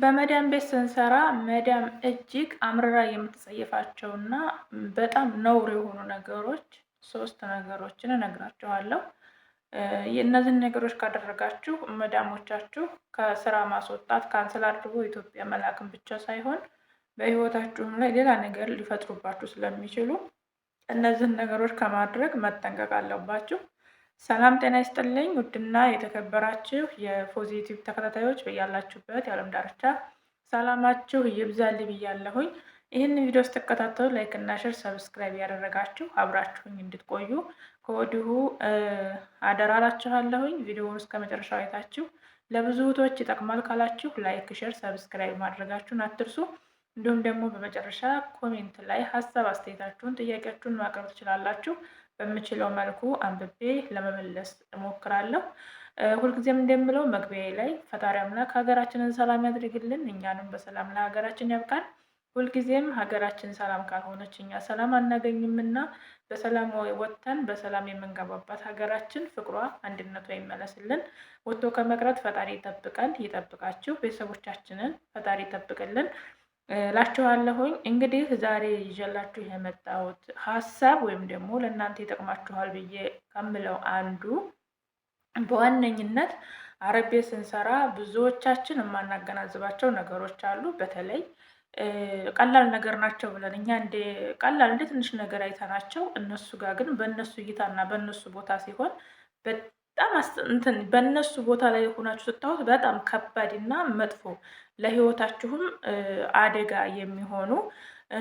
በመዳም ቤት ስንሰራ መዳም እጅግ አምርራ የምትጸየፋቸው እና በጣም ነውር የሆኑ ነገሮች ሶስት ነገሮችን እነግራችኋለሁ። እነዚህን ነገሮች ካደረጋችሁ መዳሞቻችሁ ከስራ ማስወጣት ካንስል አድርጎ ኢትዮጵያ መላክን ብቻ ሳይሆን በህይወታችሁም ላይ ሌላ ነገር ሊፈጥሩባችሁ ስለሚችሉ እነዚህን ነገሮች ከማድረግ መጠንቀቅ አለባችሁ። ሰላም ጤና ይስጥልኝ ውድና የተከበራችሁ የፖዚቲቭ ተከታታዮች በያላችሁበት የዓለም ዳርቻ ሰላማችሁ ይብዛልኝ ብያለሁኝ። ይህን ቪዲዮ ስትከታተሉ ላይክ እና ሼር፣ ሰብስክራይብ ያደረጋችሁ አብራችሁኝ እንድትቆዩ ከወዲሁ አደራ እላችኋለሁኝ። ቪዲዮውን እስከ መጨረሻው አይታችሁ ለብዙ ይጠቅማል ካላችሁ ላይክ፣ ሽር፣ ሰብስክራይብ ማድረጋችሁን አትርሱ። እንዲሁም ደግሞ በመጨረሻ ኮሜንት ላይ ሀሳብ አስተያየታችሁን፣ ጥያቄያችሁን ማቅረብ ትችላላችሁ። በምችለው መልኩ አንብቤ ለመመለስ እሞክራለሁ። ሁልጊዜም እንደምለው መግቢያ ላይ ፈጣሪ አምላክ ሀገራችንን ሰላም ያድርግልን፣ እኛንም በሰላም ለሀገራችን ያብቃን። ሁልጊዜም ሀገራችን ሰላም ካልሆነች እኛ ሰላም አናገኝምና በሰላም ወጥተን በሰላም የምንገባባት ሀገራችን ፍቅሯ፣ አንድነቷ ይመለስልን። ወጥቶ ከመቅረት ፈጣሪ ይጠብቀን፣ ይጠብቃችሁ። ቤተሰቦቻችንን ፈጣሪ ይጠብቅልን። ላችኋለሁኝ እንግዲህ ዛሬ ይዤላችሁ የመጣሁት ሀሳብ ወይም ደግሞ ለእናንተ ይጠቅማችኋል ብዬ ከምለው አንዱ በዋነኝነት አረቤ ስንሰራ ብዙዎቻችን የማናገናዝባቸው ነገሮች አሉ። በተለይ ቀላል ነገር ናቸው ብለን እኛ እንደ ቀላል እንደ ትንሽ ነገር አይተናቸው እነሱ ጋር ግን በእነሱ እይታና በእነሱ ቦታ ሲሆን በጣም እንትን በእነሱ ቦታ ላይ የሆናችሁ ስታዩት በጣም ከባድ እና መጥፎ ለህይወታችሁም አደጋ የሚሆኑ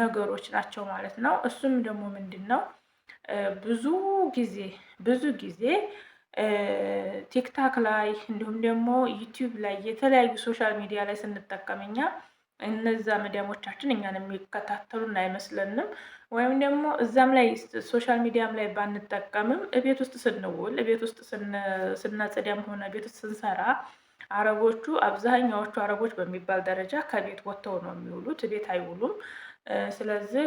ነገሮች ናቸው ማለት ነው። እሱም ደግሞ ምንድን ነው ብዙ ጊዜ ብዙ ጊዜ ቲክታክ ላይ እንዲሁም ደግሞ ዩቲዩብ ላይ የተለያዩ ሶሻል ሚዲያ ላይ ስንጠቀም እኛ እነዛ ሚዲያሞቻችን እኛን የሚከታተሉን አይመስለንም። ወይም ደግሞ እዛም ላይ ሶሻል ሚዲያም ላይ ባንጠቀምም እቤት ውስጥ ስንውል እቤት ውስጥ ስናጸዳም ሆነ ቤት ውስጥ ስንሰራ አረቦቹ አብዛኛዎቹ አረቦች በሚባል ደረጃ ከቤት ወጥተው ነው የሚውሉት። ቤት አይውሉም። ስለዚህ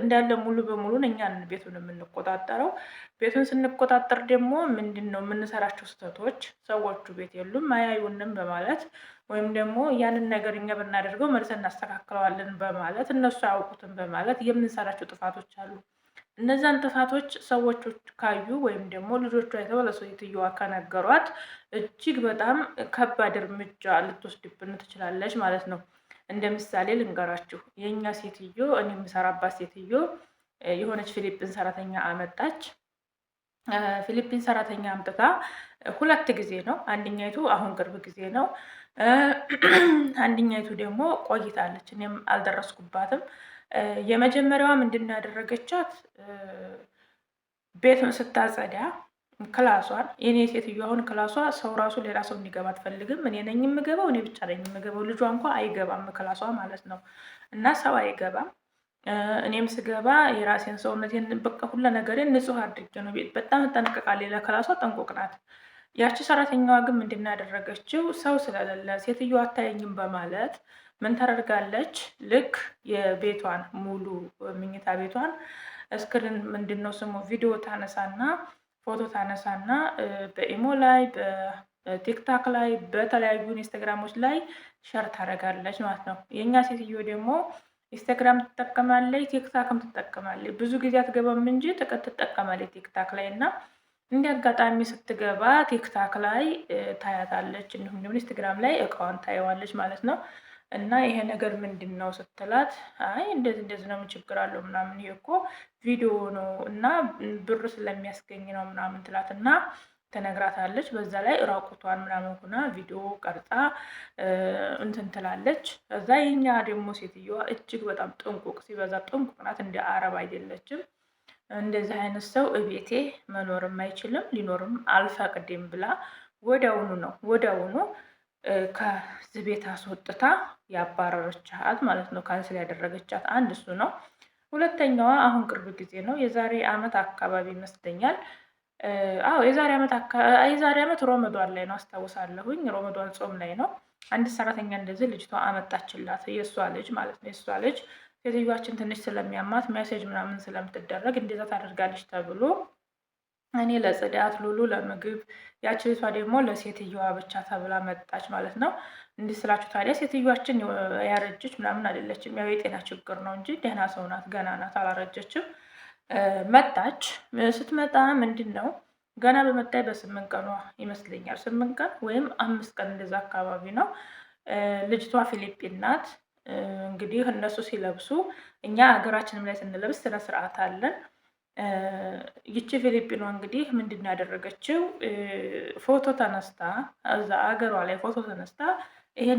እንዳለ ሙሉ በሙሉ እኛን ቤቱን የምንቆጣጠረው። ቤቱን ስንቆጣጠር ደግሞ ምንድን ነው የምንሰራቸው ስህተቶች፣ ሰዎቹ ቤት የሉም አያዩንም በማለት ወይም ደግሞ ያንን ነገር እኛ ብናደርገው መልሰን እናስተካክለዋለን በማለት እነሱ አያውቁትም በማለት የምንሰራቸው ጥፋቶች አሉ። እነዛን ጥፋቶች ሰዎቹ ካዩ ወይም ደግሞ ልጆቹ አይተው ለሴትየዋ ከነገሯት እጅግ በጣም ከባድ እርምጃ ልትወስድብን ትችላለች ማለት ነው። እንደ ምሳሌ ልንገራችሁ። የእኛ ሴትዮ እኔ የምሰራባት ሴትዮ የሆነች ፊሊፒን ሰራተኛ አመጣች። ፊሊፒን ሰራተኛ አምጥታ ሁለት ጊዜ ነው። አንደኛይቱ አሁን ቅርብ ጊዜ ነው፣ አንደኛይቱ ደግሞ ቆይታለች። እኔም አልደረስኩባትም። የመጀመሪያዋ ምንድን ያደረገቻት ቤቱን ስታጸዳ ክላሷን የኔ ሴትዮ አሁን ክላሷ ሰው ራሱ ሌላ ሰው እንዲገባ አትፈልግም። እኔ ነኝ የምገባው፣ እኔ ብቻ ነኝ የምገባው። ልጇ እንኳ አይገባም ክላሷ ማለት ነው። እና ሰው አይገባም። እኔም ስገባ የራሴን ሰውነቴን በቃ ሁለ ነገሬን ንጹህ አድርጌ ነው። ቤት በጣም እጠነቀቃለሁ። ለክላሷ ጠንቁቅ ናት። ያቺ ሰራተኛዋ ግን ምንድን ያደረገችው ሰው ስለሌለ ሴትዮ አታየኝም በማለት ምን ተደርጋለች? ልክ የቤቷን ሙሉ ምኝታ ቤቷን እስክሪን ምንድን ነው ስሙ ቪዲዮ ታነሳና ፎቶ ታነሳና በኢሞ ላይ በቲክታክ ላይ በተለያዩ ኢንስታግራሞች ላይ ሸር ታደርጋለች ማለት ነው። የእኛ ሴትዮ ደግሞ ኢንስታግራም ትጠቀማለች፣ ቲክታክም ትጠቀማለች። ብዙ ጊዜ አትገባም እንጂ ትጠቀማለች ቲክታክ ላይ እና እንደ አጋጣሚ ስትገባ ቲክታክ ላይ ታያታለች፣ እንዲሁም ደግሞ ኢንስታግራም ላይ እቃዋን ታየዋለች ማለት ነው። እና ይሄ ነገር ምንድን ነው ስትላት፣ አይ እንደዚህ እንደዚህ ነው፣ ምን ችግር አለው ምናምን፣ ይሄ እኮ ቪዲዮ ነው እና ብር ስለሚያስገኝ ነው ምናምን ትላት እና ትነግራታለች። በዛ ላይ ራቁቷን ምናምን ሆና ቪዲዮ ቀርጻ እንትን ትላለች። እዛ የኛ ደግሞ ሴትዮዋ እጅግ በጣም ጥንቁቅ ሲበዛ ጥንቁቅ ናት። እንደ አረብ አይደለችም። እንደዚህ አይነት ሰው እቤቴ መኖርም አይችልም ሊኖርም አልፈቅድም ብላ ወዳውኑ ነው ወዳውኑ ከዚህ ቤት አስወጥታ ያባረረቻት ማለት ነው። ካንስል ያደረገቻት አንድ እሱ ነው። ሁለተኛዋ አሁን ቅርብ ጊዜ ነው፣ የዛሬ አመት አካባቢ ይመስለኛል። አዎ የዛሬ አመት የዛሬ አመት ሮመዷን ላይ ነው አስታውሳለሁኝ። ሮመዷን ጾም ላይ ነው አንድ ሰራተኛ እንደዚህ ልጅቷ አመጣችላት፣ የእሷ ልጅ ማለት ነው። የእሷ ልጅ ሴትዮዋችን ትንሽ ስለሚያማት ሜሴጅ ምናምን ስለምትደረግ እንደዛ ታደርጋለች ተብሎ እኔ ለጽዳት ሉሉ ለምግብ ያችሊቷ ደግሞ ለሴትዮዋ ብቻ ተብላ መጣች ማለት ነው። እንዲህ ስላችሁ ታዲያ ሴትዮዋችን ያረጀች ምናምን አይደለችም። ያው የጤና ችግር ነው እንጂ ደህና ሰው ናት፣ ገና ናት፣ አላረጀችም። መጣች። ስትመጣ ምንድን ነው ገና በመጣይ በስምንት ቀኗ ይመስለኛል፣ ስምንት ቀን ወይም አምስት ቀን እንደዛ አካባቢ ነው። ልጅቷ ፊሊፒን ናት። እንግዲህ እነሱ ሲለብሱ እኛ ሀገራችንም ላይ ስንለብስ ስነ ስርዓት አለን። ይቺ ፊሊፒኗ እንግዲህ ምንድን ያደረገችው ፎቶ ተነስታ እዛ አገሯ ላይ ፎቶ ተነስታ ይሄ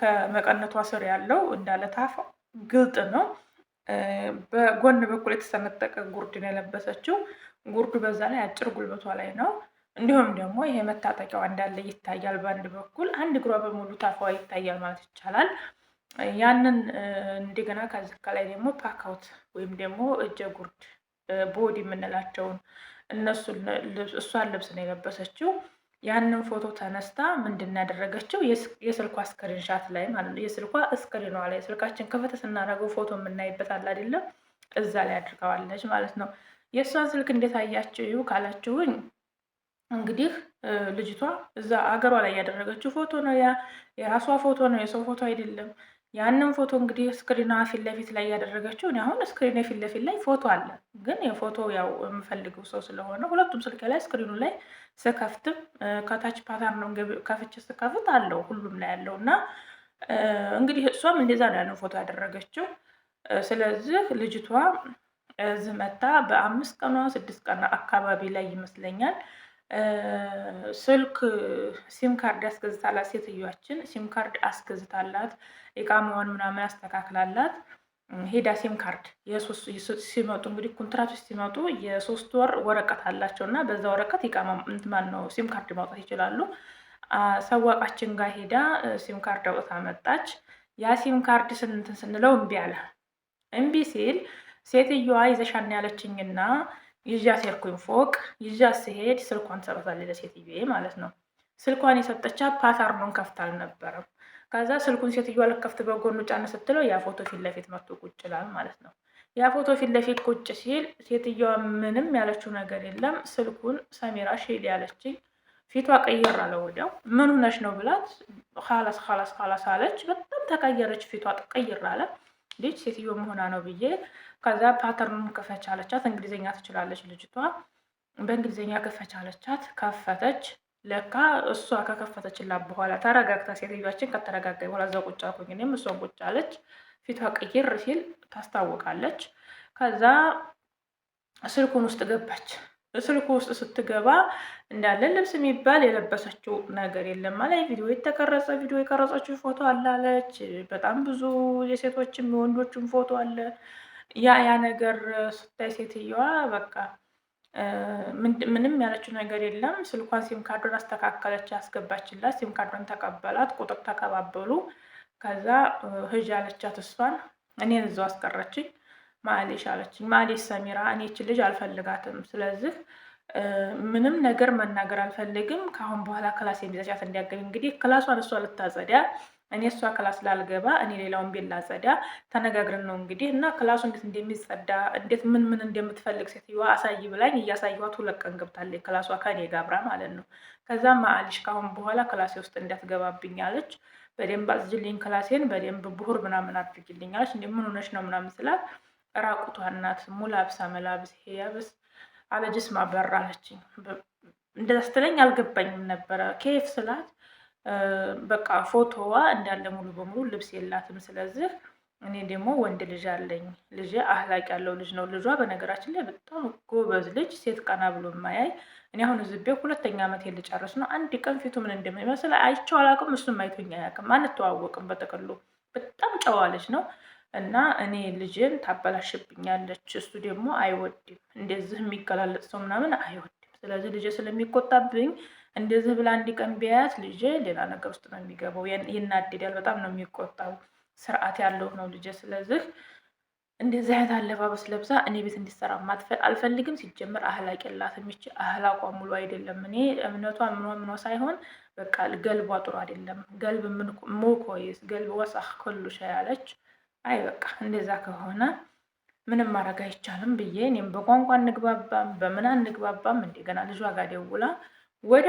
ከመቀነቷ ስር ያለው እንዳለ ታፋ ግልጥ ነው። በጎን በኩል የተሰነጠቀ ጉርድን የለበሰችው ጉርዱ በዛ ላይ አጭር ጉልበቷ ላይ ነው። እንዲሁም ደግሞ ይሄ መታጠቂያዋ እንዳለ ይታያል። በአንድ በኩል አንድ እግሯ በሙሉ ታፋዋ ይታያል ማለት ይቻላል። ያንን እንደገና ከዚህ ከላይ ደግሞ ፓካውት ወይም ደግሞ እጀ ጉርድ ቦድ የምንላቸውን እሷን ልብስ ነው የለበሰችው። ያንን ፎቶ ተነስታ ምንድን ያደረገችው የስልኳ ስክሪንሻት ላይ ማለት ነው፣ የስልኳ እስክሪኗ ላይ ስልካችን ክፍት ስናደርገው ፎቶ የምናይበት አለ አይደለም፣ እዛ ላይ አድርገዋለች ማለት ነው። የእሷን ስልክ እንዴት አያችሁ ካላችሁኝ እንግዲህ ልጅቷ እዛ አገሯ ላይ ያደረገችው ፎቶ ነው። ያ የራሷ ፎቶ ነው፣ የሰው ፎቶ አይደለም። ያንን ፎቶ እንግዲህ ስክሪኗ ፊት ለፊት ላይ ያደረገችው እኔ አሁን ስክሪን ፊት ለፊት ላይ ፎቶ አለ፣ ግን የፎቶ ያው የምፈልገው ሰው ስለሆነ ሁለቱም ስልክ ላይ ስክሪኑ ላይ ስከፍትም ከታች ነው ከፍቼ ስከፍት አለው ሁሉም ላይ ያለው እና እንግዲህ እሷም እንደዛ ነው ያንን ፎቶ ያደረገችው። ስለዚህ ልጅቷ ዝመታ በአምስት ቀኗ ስድስት ቀን አካባቢ ላይ ይመስለኛል ስልክ ሲም ካርድ ያስገዝታላት ሴትዮዋችን ሲም ካርድ አስገዝታላት ኢቃማዋን ምናምን ያስተካክላላት ሄዳ ሲም ካርድ ሲመጡ እንግዲህ ኮንትራቶች ሲመጡ የሶስት ወር ወረቀት አላቸው እና በዛ ወረቀት ኢቃማ እንትማን ነው ሲም ካርድ ማውጣት ይችላሉ። ሰዋቃችን ጋር ሄዳ ሲም ካርድ አውጥታ መጣች። ያ ሲም ካርድ ስንትን ስንለው እምቢ አለ። እምቢ ሲል ሴትዮዋ ይዘሻና ያለችኝና ይዣት ሄድኩኝ ፎቅ። ይዣት ስሄድ ስልኳን ትሰጣታለች ለሴትዬ ማለት ነው። ስልኳን የሰጠቻት ፓተርኑን ከፍት አልነበረም። ከዛ ስልኩን ሴትዮዋ ልከፍት በጎኑ ጫነ ስትለው ያ ፎቶ ፊት ለፊት መጥቶ ቁጭ ይላል ማለት ነው። ያ ፎቶ ፊት ለፊት ቁጭ ሲል ሴትዮዋ ምንም ያለችው ነገር የለም። ስልኩን ሰሜራ ሼል ያለችኝ ፊቷ ቀየር አለ ወዲያው። ምን ሆነሽ ነው ብላት፣ ላስ ላስ ላስ አለች። በጣም ተቀየረች ፊቷ ቀይር አለ ልጅ ሴትዮ መሆኗ ነው ብዬ ከዛ ፓተርኑን ክፈች አለቻት። እንግሊዝኛ ትችላለች ልጅቷ። በእንግሊዝኛ ክፈች አለቻት። ከፈተች። ለካ እሷ ከከፈተችላት በኋላ ተረጋግታ፣ ሴትዮችን ከተረጋጋ በኋላ እዛ ቁጭ አልኩኝ። እኔም እሷን ቁጭ አለች። ፊቷ ቅይር ሲል ታስታውቃለች። ከዛ ስልኩን ውስጥ ገባች። ስልኩ ውስጥ ስትገባ እንዳለ ልብስ የሚባል የለበሰችው ነገር የለም። ማለት ቪዲዮ የተቀረጸ ቪዲዮ የቀረጸችው ፎቶ አላለች። በጣም ብዙ የሴቶችም የወንዶችም ፎቶ አለ። ያ ያ ነገር ስታይ ሴትየዋ በቃ ምንም ያለችው ነገር የለም። ስልኳን ሲም ካርዶን አስተካከለች፣ ያስገባችላት ሲም ካርዶን ተቀበላት፣ ቁጥር ተቀባበሉ። ከዛ ህጅ አለቻት እሷን እኔን እዛው አስቀረችኝ። ማሌሽ አለችኝ። ማሌሽ ሰሚራ እኔ ልጅ አልፈልጋትም። ስለዚህ ምንም ነገር መናገር አልፈልግም። ከአሁን በኋላ ክላስ የሚዘጫት እንዲያገኝ እንግዲህ ክላሷን እሷ ልታጸዳ እኔ እሷ ክላስ ላልገባ እኔ ሌላውን ቤት ላጸዳ ተነጋግረን ነው እንግዲህ እና ክላሱ እንዴት እንደሚጸዳ እንዴት ምን ምን እንደምትፈልግ ሴትዮዋ አሳይ ብላኝ እያሳየኋት ሁለት ቀን ገብታለች። ክላሷ ከኔ ጋብራ ማለት ነው። ከዛ ማአልሽ ካሁን በኋላ ክላሴ ውስጥ እንዳትገባብኝ አለች። በደንብ አጽጅልኝ ክላሴን በደንብ ብሁር ምናምን አድርጊልኝ አለች። ነው ምናምን ስላት ራቁቷን ናት። ሙላብሳ መላብስ ይሄ ያብስ አለጅስ ማበራ አለችኝ። እንደዛ ስትለኝ አልገባኝም ነበረ። ኬፍ ስላት በቃ ፎቶዋ እንዳለ ሙሉ በሙሉ ልብስ የላትም። ስለዚህ እኔ ደግሞ ወንድ ልጅ አለኝ። ልጅ አህላቅ ያለው ልጅ ነው። ልጇ በነገራችን ላይ በጣም ጎበዝ ልጅ፣ ሴት ቀና ብሎ የማያይ እኔ አሁን ዝቤ ሁለተኛ ዓመት ልጨርስ ነው። አንድ ቀን ፊቱ ምን እንደሚመስል አይቼው አላውቅም፣ እሱም አይቶኝ አያውቅም። አንተዋወቅም። በጥቅሉ በጣም ጨዋ ልጅ ነው። እና እኔ ልጅን ታበላሽብኛለች፣ እሱ ደግሞ አይወድም እንደዚህ የሚገላለጥ ሰው ምናምን አይወድም። ስለዚህ ልጅ ስለሚቆጣብኝ እንደዚህ ብላ አንድ ቀን ቢያያት ልጅ ሌላ ነገር ውስጥ ነው የሚገባው፣ ይናደዳል፣ በጣም ነው የሚቆጣው። ስርዓት ያለው ነው ልጅ። ስለዚህ እንደዚህ አይነት አለባበስ ለብሳ እኔ ቤት እንዲሰራ አልፈልግም። ሲጀምር አህላቅ የላት የሚች አህላቋ ሙሉ አይደለም። እኔ እምነቷ ምኖ ምኗ ሳይሆን በቃ ገልቧ ጥሩ አይደለም። ገልብ ሞኮይስ ገልብ ወሳህ ከሉ ያለች አይ በቃ እንደዛ ከሆነ ምንም ማድረግ አይቻልም ብዬ እኔም በቋንቋ እንግባባም በምን አንግባባም እንደገና ልጇ ጋር ደውላ ወደ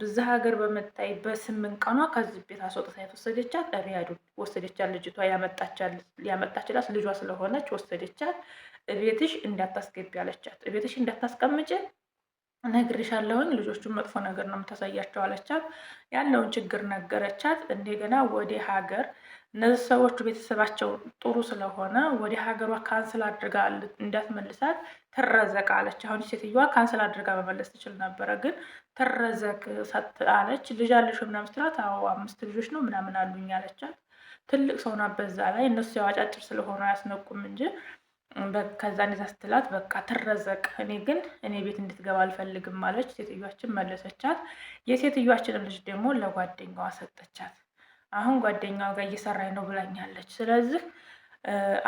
ብዛ ሀገር በመታይ በስምንት ቀኗ ከዚህ ቤት አስወጥታ የተወሰደቻት ሪያዱ ወሰደቻት። ልጅቷ ያመጣችላት ልጇ ስለሆነች ወሰደቻት። እቤትሽ እንዳታስገቢ አለቻት። እቤትሽ እንዳታስቀምጭ ነግርሻለሁኝ፣ ልጆቹን መጥፎ ነገር ነው የምታሳያቸው አለቻት። ያለውን ችግር ነገረቻት። እንደገና ወደ ሀገር እነዚህ ሰዎች ቤተሰባቸው ጥሩ ስለሆነ ወደ ሀገሯ ካንስል አድርጋ እንዳትመልሳት ትረዘቅ አለች። አሁን ሴትዮዋ ካንስል አድርጋ መመለስ ትችል ነበረ፣ ግን ትረዘቅ አለች። ልጅ አለሽ ምናምን ስትላት አዎ አምስት ልጆች ነው ምናምን አሉኝ አለቻት። ትልቅ ሰው ናት በዛ ላይ እነሱ ያው አጫጭር ስለሆነ አያስነቁም እንጂ ከዛ እንደዛ ስትላት በቃ ትረዘቅ፣ እኔ ግን እኔ ቤት እንድትገባ አልፈልግም አለች። ሴትዮችን መለሰቻት። የሴትዮችንን ልጅ ደግሞ ለጓደኛዋ ሰጠቻት። አሁን ጓደኛዋ ጋር እየሰራኝ ነው ብላኛለች። ስለዚህ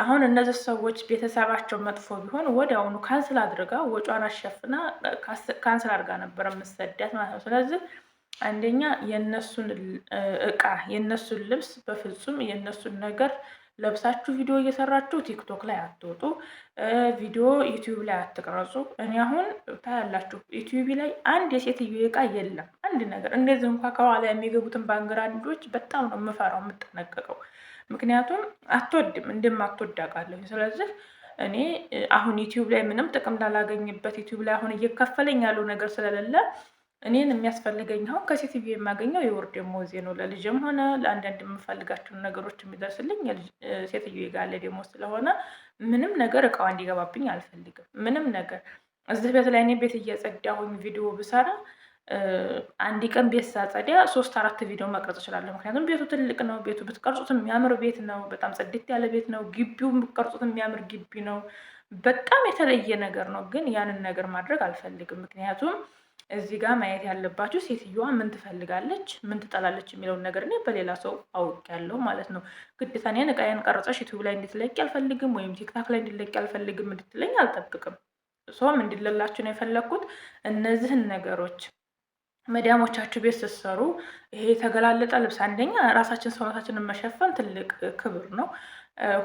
አሁን እነዚህ ሰዎች ቤተሰባቸው መጥፎ ቢሆን ወዲያውኑ ካንስል አድርጋ ወጪዋን አሸፍና ካንስል አድርጋ ነበር የምትሰዳት ማለት ነው። ስለዚህ አንደኛ የእነሱን እቃ የእነሱን ልብስ በፍጹም የእነሱን ነገር ለብሳችሁ ቪዲዮ እየሰራችሁ ቲክቶክ ላይ አትወጡ፣ ቪዲዮ ዩቲዩብ ላይ አትቀረጹ። እኔ አሁን ታያላችሁ፣ ዩቲዩብ ላይ አንድ የሴትዮ እቃ የለም አንድ ነገር። እንደዚህ እንኳ ከኋላ የሚገቡትን ባንግራንዶች በጣም ነው የምፈራው የምጠነቀቀው። ምክንያቱም አትወድም እንደማትወድ አውቃለሁ። ስለዚህ እኔ አሁን ዩቲዩብ ላይ ምንም ጥቅም ላላገኝበት ዩቲዩብ ላይ አሁን እየከፈለኝ ያለው ነገር ስለሌለ እኔን የሚያስፈልገኝ አሁን ከሲቲቪ የማገኘው የወር ደሞዜ ነው። ለልጅም ሆነ ለአንዳንድ የምፈልጋቸውን ነገሮች የሚደርስልኝ ሴትዮ ጋለ ደሞ ስለሆነ ምንም ነገር እቃዋ እንዲገባብኝ አልፈልግም። ምንም ነገር እዚህ ቤት ላይ እኔ ቤት እየጸዳሁኝ ቪዲዮ ብሰራ አንድ ቀን ቤት ሳጸዳ ሶስት አራት ቪዲዮ መቅረጽ እችላለሁ። ምክንያቱም ቤቱ ትልቅ ነው። ቤቱ ብትቀርጹት የሚያምር ቤት ነው። በጣም ጽድት ያለ ቤት ነው። ግቢው ብትቀርጹት የሚያምር ግቢ ነው። በጣም የተለየ ነገር ነው። ግን ያንን ነገር ማድረግ አልፈልግም ምክንያቱም እዚህ ጋር ማየት ያለባችሁ ሴትዮዋ ምን ትፈልጋለች፣ ምን ትጠላለች የሚለውን ነገር እኔ በሌላ ሰው አውቅ ያለው ማለት ነው። ግዴታ እኔን እቃዬን ቀርጸሽ ዩቱብ ላይ እንድትለቂ አልፈልግም፣ ወይም ቲክታክ ላይ እንድትለቂ አልፈልግም እንድትለኝ አልጠብቅም። እሷም እንዲለላችሁ ነው የፈለግኩት እነዚህን ነገሮች መዲያሞቻችሁ ቤት ስትሰሩ ይሄ የተገላለጠ ልብስ አንደኛ ራሳችን ሰውነታችንን መሸፈን ትልቅ ክብር ነው።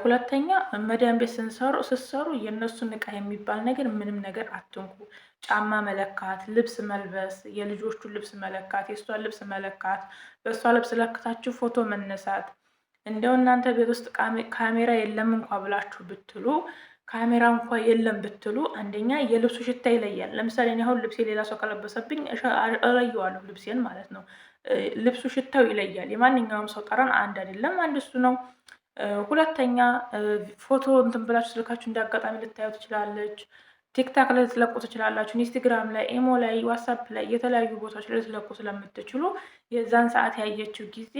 ሁለተኛ መዳም ቤት ስንሰሩ ስሰሩ የእነሱን እቃ የሚባል ነገር ምንም ነገር አትንኩ። ጫማ መለካት፣ ልብስ መልበስ፣ የልጆቹን ልብስ መለካት፣ የእሷን ልብስ መለካት፣ በእሷ ልብስ ለክታችሁ ፎቶ መነሳት። እንደው እናንተ ቤት ውስጥ ካሜራ የለም እንኳ ብላችሁ ብትሉ ካሜራ እንኳ የለም ብትሉ፣ አንደኛ የልብሱ ሽታ ይለያል። ለምሳሌ እኔ አሁን ልብሴ ሌላ ሰው ከለበሰብኝ እለየዋለሁ፣ ልብሴን ማለት ነው። ልብሱ ሽታው ይለያል። የማንኛውም ሰው ጠረን አንድ አይደለም፣ አንድ እሱ ነው። ሁለተኛ ፎቶ እንትን ብላችሁ ስልካችሁ እንደ ልታዩ ትችላለች። ቲክታክ ላይ ልትለቁ ትችላላችሁ። ኢንስትግራም ላይ፣ ኢሞ ላይ፣ ዋትሳፕ ላይ የተለያዩ ቦታዎች ላይ ልትለቁ ስለምትችሉ የዛን ሰዓት ያየችው ጊዜ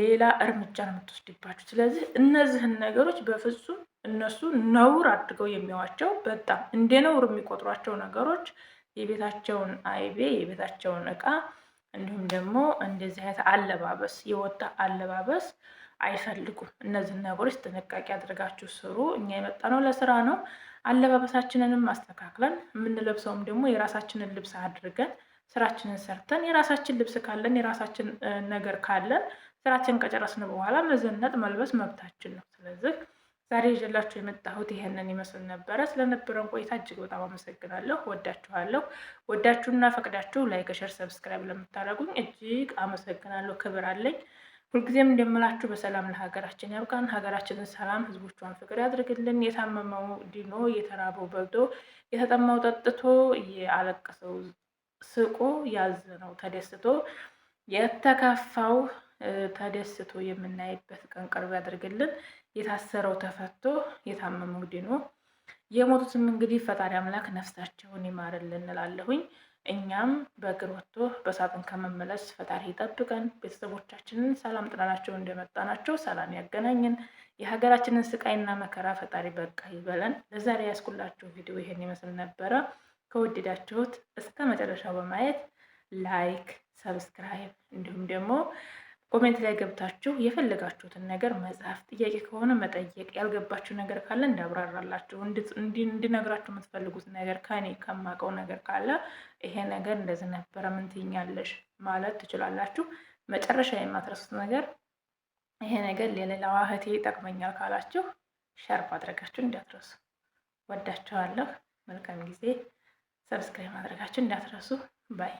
ሌላ እርምጃ ነው የምትወስድባችሁ። ስለዚህ እነዚህን ነገሮች በፍጹም እነሱ ነውር አድርገው የሚያዋቸው በጣም እንደ ነውር የሚቆጥሯቸው ነገሮች የቤታቸውን አይቤ የቤታቸውን እቃ እንዲሁም ደግሞ እንደዚህ አይነት አለባበስ የወጣ አለባበስ አይፈልጉም። እነዚህን ነገሮች ጥንቃቄ አድርጋችሁ ስሩ። እኛ የመጣነው ለስራ ነው። አለባበሳችንንም አስተካክለን የምንለብሰውም ደግሞ የራሳችንን ልብስ አድርገን ስራችንን ሰርተን የራሳችን ልብስ ካለን የራሳችን ነገር ካለን ስራችን ከጨረስን በኋላ መዘነጥ መልበስ መብታችን ነው። ስለዚህ ዛሬ ይዤላችሁ የመጣሁት ይሄንን ይመስል ነበረ። ስለነበረን ቆይታ እጅግ በጣም አመሰግናለሁ። ወዳችኋለሁ። ወዳችሁና ፈቅዳችሁ ላይክ፣ ሸር፣ ሰብስክራይብ ለምታደርጉኝ እጅግ አመሰግናለሁ። ክብር አለኝ። ሁልጊዜም እንደምላችሁ በሰላም ለሀገራችን ያብቃን። ሀገራችንን ሰላም፣ ህዝቦቿን ፍቅር ያድርግልን። የታመመው ድኖ፣ የተራበው በልቶ፣ የተጠማው ጠጥቶ፣ የአለቀሰው ስቆ፣ ያዘነው ተደስቶ፣ የተከፋው ተደስቶ የምናይበት ቀን ቅርብ ያድርግልን። የታሰረው ተፈቶ፣ የታመመው ድኖ፣ የሞቱትም እንግዲህ ፈጣሪ አምላክ ነፍሳቸውን ይማርልን እንላለሁኝ። እኛም በእግር ወጥቶ በሳጥን ከመመለስ ፈጣሪ ይጠብቀን። ቤተሰቦቻችንን ሰላም ጥለናቸው እንደመጣናቸው ሰላም ያገናኝን። የሀገራችንን ስቃይና መከራ ፈጣሪ በቃ ይበለን። ለዛሬ ያስኩላችሁ ቪዲዮ ይሄን ይመስል ነበረ። ከወደዳችሁት እስከ መጨረሻው በማየት ላይክ፣ ሰብስክራይብ እንዲሁም ደግሞ ኮሜንት ላይ ገብታችሁ የፈለጋችሁትን ነገር መጽሐፍ፣ ጥያቄ ከሆነ መጠየቅ፣ ያልገባችሁ ነገር ካለ እንዳብራራላችሁ፣ እንድነግራችሁ የምትፈልጉት ነገር ከኔ ከማውቀው ነገር ካለ ይሄ ነገር እንደዚህ ነበረ ምን ትይኛለሽ ማለት ትችላላችሁ። መጨረሻ የማትረሱት ነገር ይሄ ነገር ለሌላዋ እህቴ ይጠቅመኛል ካላችሁ ሸር ማድረጋችሁ እንዳትረሱ። ወዳችኋለሁ። መልካም ጊዜ። ሰብስክራይብ ማድረጋችሁ እንዳትረሱ ባይ